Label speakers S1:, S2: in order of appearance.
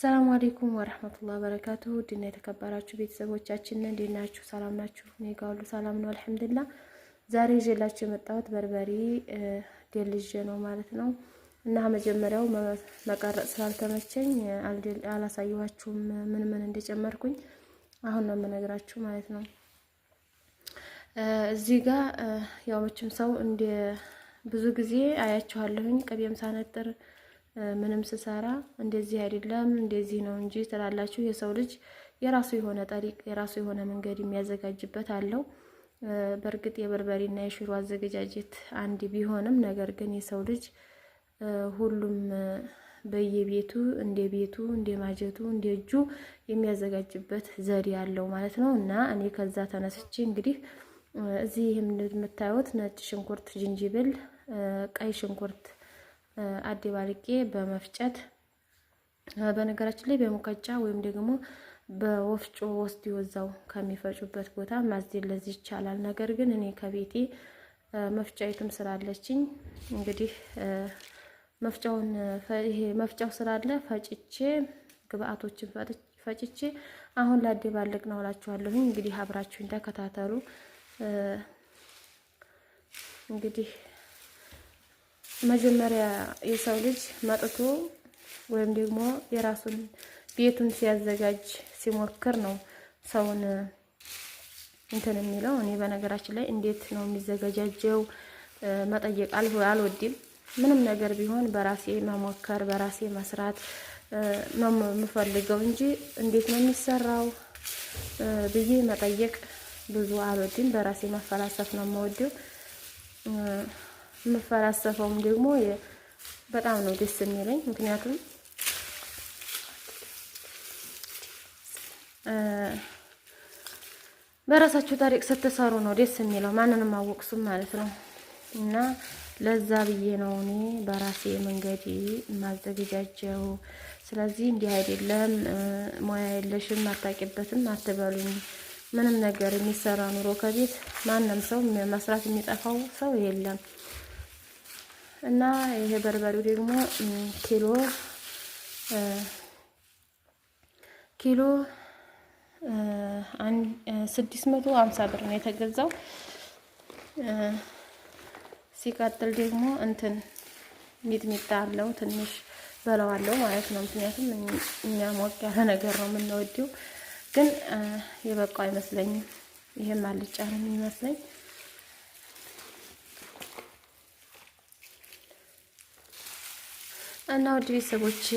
S1: ሰላም አሌይኩም ወረህመቱላህ በረካቱ ድና የተከበራችሁ ቤተሰቦቻችን እንዴት ናችሁ? ሰላም ናችሁ? እኔ ጋ ሁሉ ሰላም ነው አልሐምዱላ። ዛሬ ይዤላችሁ የመጣሁት በርበሬ ደልዤ ነው ማለት ነው። እና መጀመሪያው መቀረጽ ስላልተመቸኝ አላሳየኋችሁም ምን ምን እንደጨመርኩኝ አሁን ነው የምነግራችሁ ማለት ነው። እዚህ ጋ ያው መቼም ሰው እንደ ብዙ ጊዜ አያችኋለሁኝ ቅቤም ሳነጥር ምንም ስሰራ እንደዚህ አይደለም እንደዚህ ነው እንጂ ትላላችሁ። የሰው ልጅ የራሱ የሆነ ጠሪቅ የራሱ የሆነ መንገድ የሚያዘጋጅበት አለው። በእርግጥ የበርበሬና የሽሮ አዘገጃጀት አንድ ቢሆንም ነገር ግን የሰው ልጅ ሁሉም በየቤቱ እንደ ቤቱ እንደ ማጀቱ እንደ እጁ የሚያዘጋጅበት ዘዴ አለው ማለት ነው እና እኔ ከዛ ተነስቼ እንግዲህ እዚህ የምታዩት ነጭ ሽንኩርት፣ ዝንጅብል፣ ቀይ ሽንኩርት አደባልቄ በመፍጨት በነገራችን ላይ በሙቀጫ ወይም ደግሞ በወፍጮ ውስጥ ይወዛው ከሚፈጩበት ቦታ ማዝዴን ለዚህ ይቻላል። ነገር ግን እኔ ከቤቴ መፍጫይቱም ስላለችኝ እንግዲህ መፍጫውን ይሄ መፍጫው ስላለ ፈጭቼ ግብአቶችን ፈጭቼ አሁን ላደባልቅ ነው እላችኋለሁኝ። እንግዲህ አብራችሁኝ ተከታተሉ እንግዲህ መጀመሪያ የሰው ልጅ መጥቶ ወይም ደግሞ የራሱን ቤቱን ሲያዘጋጅ ሲሞክር ነው ሰውን እንትን የሚለው። እኔ በነገራችን ላይ እንዴት ነው የሚዘገጃጀው መጠየቅ አልወድም። ምንም ነገር ቢሆን በራሴ መሞከር በራሴ መስራት ነው የምፈልገው እንጂ እንዴት ነው የሚሰራው ብዬ መጠየቅ ብዙ አልወድም። በራሴ ማፈላሰፍ ነው የምወደው። የምፈላሰፈውም ደግሞ በጣም ነው ደስ የሚለኝ ምክንያቱም በራሳችሁ ታሪክ ስትሰሩ ነው ደስ የሚለው ማንንም አወቅሱም ማለት ነው። እና ለዛ ብዬ ነው እኔ በራሴ መንገድ የማዘገጃጀው። ስለዚህ እንዲህ አይደለም ሙያ የለሽም አታውቂበትም አትበሉኝ። ምንም ነገር የሚሰራ ኑሮ ከቤት ማንም ሰው መስራት የሚጠፋው ሰው የለም። እና ይሄ በርበሬው ደግሞ ኪሎ ኪሎ ስድስት መቶ ሀምሳ ብር ነው የተገዛው። ሲቀጥል ደግሞ እንትን ሚጥሚጣ አለው ትንሽ በለዋለው ማለት ነው። ምክንያቱም እኛ ሞቅ ያለ ነገር ነው የምንወደው፣ ግን የበቃው አይመስለኝም። ይሄም አልጫ ነው የሚመስለኝ። እና ውድ ቤተሰቦቼ